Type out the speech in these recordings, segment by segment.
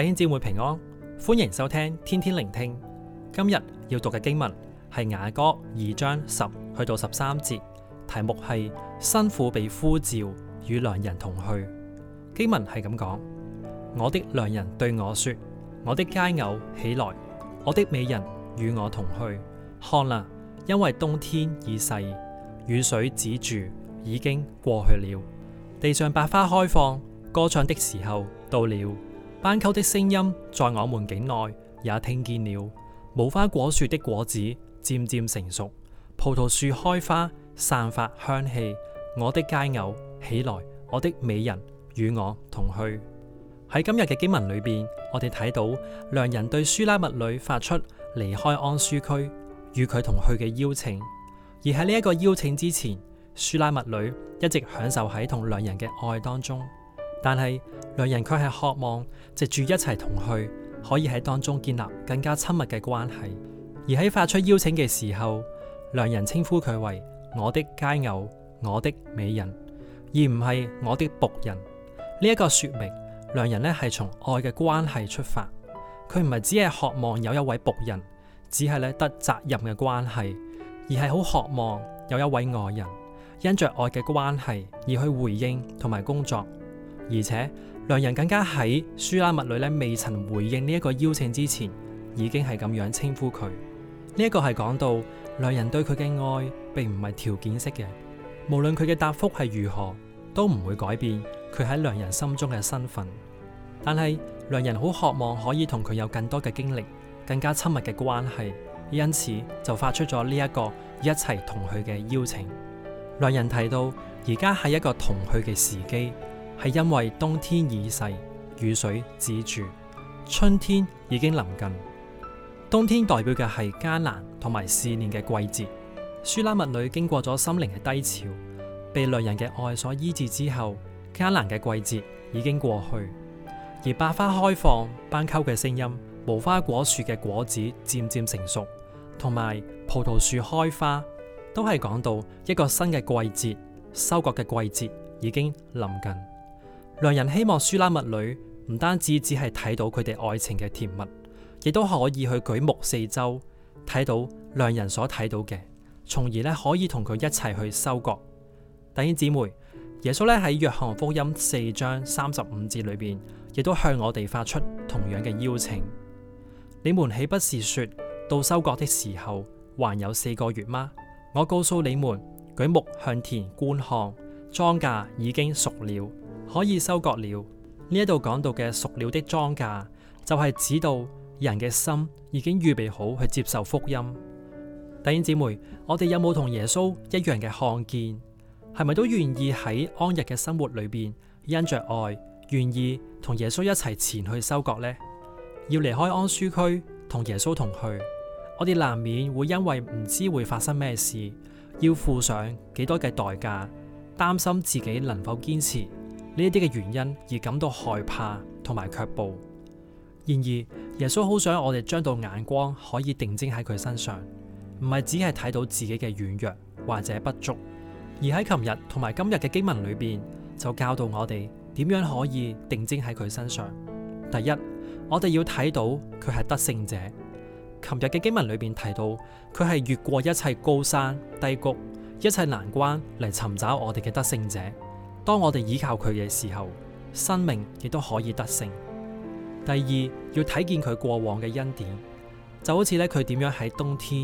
弟兄姊妹平安，歡迎收聽天天靈聽。今日要讀嘅經文係雅歌二章十去到十三節，題目係新婦被呼召，與良人同去。經文係咁講：我的良人對我說，我的佳偶起來，我的美人與我同去。看哪，因為冬天已逝，雨水止住，已經過去了，地上百花開放，歌唱的時候到了。斑鳩的聲音在我們境內也聽見了。無花果樹的果子漸漸成熟，葡萄樹開花，散發香氣。我的佳偶起來，我的美人與我同去。喺今日嘅經文裏邊，我哋睇到良人對書拉密女發出離開安舒區，與佢同去嘅邀請。而喺呢一個邀請之前，書拉密女一直享受喺同良人嘅愛當中。但係，良人卻係渴望藉住一齊同去，可以喺當中建立更加親密嘅關係。而喺發出邀請嘅時候，良人稱呼佢為我的佳偶，我的美人，而唔係我的僕人。呢、這、一個說明，良人呢係從愛嘅關係出發，佢唔係只係渴望有一位僕人，只係咧得責任嘅關係，而係好渴望有一位愛人，因着愛嘅關係而去回應同埋工作。而且，良人更加喺書拉密女咧未曾回應呢一個邀請之前，已經係咁樣稱呼佢。呢一個係講到良人對佢嘅愛，並唔係條件式嘅，無論佢嘅答覆係如何，都唔會改變佢喺良人心中嘅身份。但係良人好渴望可以同佢有更多嘅經歷，更加親密嘅關係，因此就發出咗呢一個一齊同去嘅邀請。良人提到，而家係一個同去嘅時機。係因為冬天已逝，雨水止住，春天已經臨近。冬天代表嘅係艱難同埋試煉嘅季節。書拉密女經過咗心靈嘅低潮，被良人嘅愛所醫治之後，艱難嘅季節已經過去。而百花開放、斑鳩嘅聲音、無花果樹嘅果子漸漸成熟，同埋葡萄樹開花，都係講到一個新嘅季節，收割嘅季節已經臨近。良人希望書拉密女唔單止只係睇到佢哋愛情嘅甜蜜，亦都可以去舉目四周睇到良人所睇到嘅，從而呢可以同佢一齊去收割。弟兄姊妹，耶穌呢喺約翰福音四章三十五節裏邊，亦都向我哋發出同樣嘅邀請：你們豈不是說到收割的時候還有四個月嗎？我告訴你們，舉目向田觀看，莊稼已經熟了。可以收割了。呢度講到嘅熟了的莊稼，就係指到人嘅心已經預備好去接受福音。弟兄姊妹，我哋有冇同耶穌一樣嘅看見？係咪都願意喺安逸嘅生活裏邊因着愛，願意同耶穌一齊前去收割呢？要離開安舒區，同耶穌同去，我哋難免會因為唔知會發生咩事，要付上幾多嘅代價，擔心自己能否堅持。呢啲嘅原因而感到害怕同埋卻步，然而耶穌好想我哋將到眼光可以定睛喺佢身上，唔係只係睇到自己嘅軟弱或者不足，而喺琴日同埋今日嘅經文裏邊就教導我哋點樣可以定睛喺佢身上。第一，我哋要睇到佢係得勝者。琴日嘅經文裏邊提到佢係越過一切高山低谷、一切難關嚟尋找我哋嘅得勝者。當我哋依靠佢嘅時候，生命亦都可以得勝。第二，要睇見佢過往嘅恩典，就好似咧佢點樣喺冬天，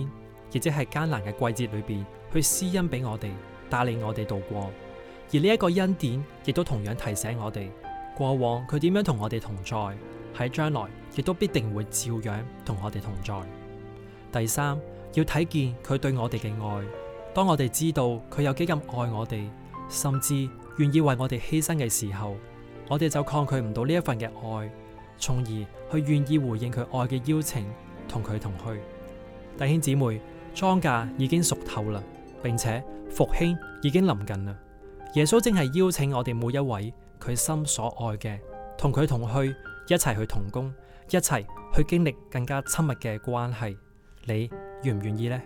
亦即係艱難嘅季節裏邊去施恩俾我哋，帶領我哋度過。而呢一個恩典亦都同樣提醒我哋過往佢點樣同我哋同在，喺將來亦都必定會照樣同我哋同在。第三，要睇見佢對我哋嘅愛，當我哋知道佢有幾咁愛我哋，甚至。願意為我哋犧牲嘅時候，我哋就抗拒唔到呢一份嘅愛，從而去願意回應佢愛嘅邀請，同佢同去。弟兄姊妹，莊稼已經熟透啦，並且復興已經臨近啦。耶穌正係邀請我哋每一位佢心所愛嘅，同佢同去，一齊去同工，一齊去經歷更加親密嘅關係。你願唔願意呢？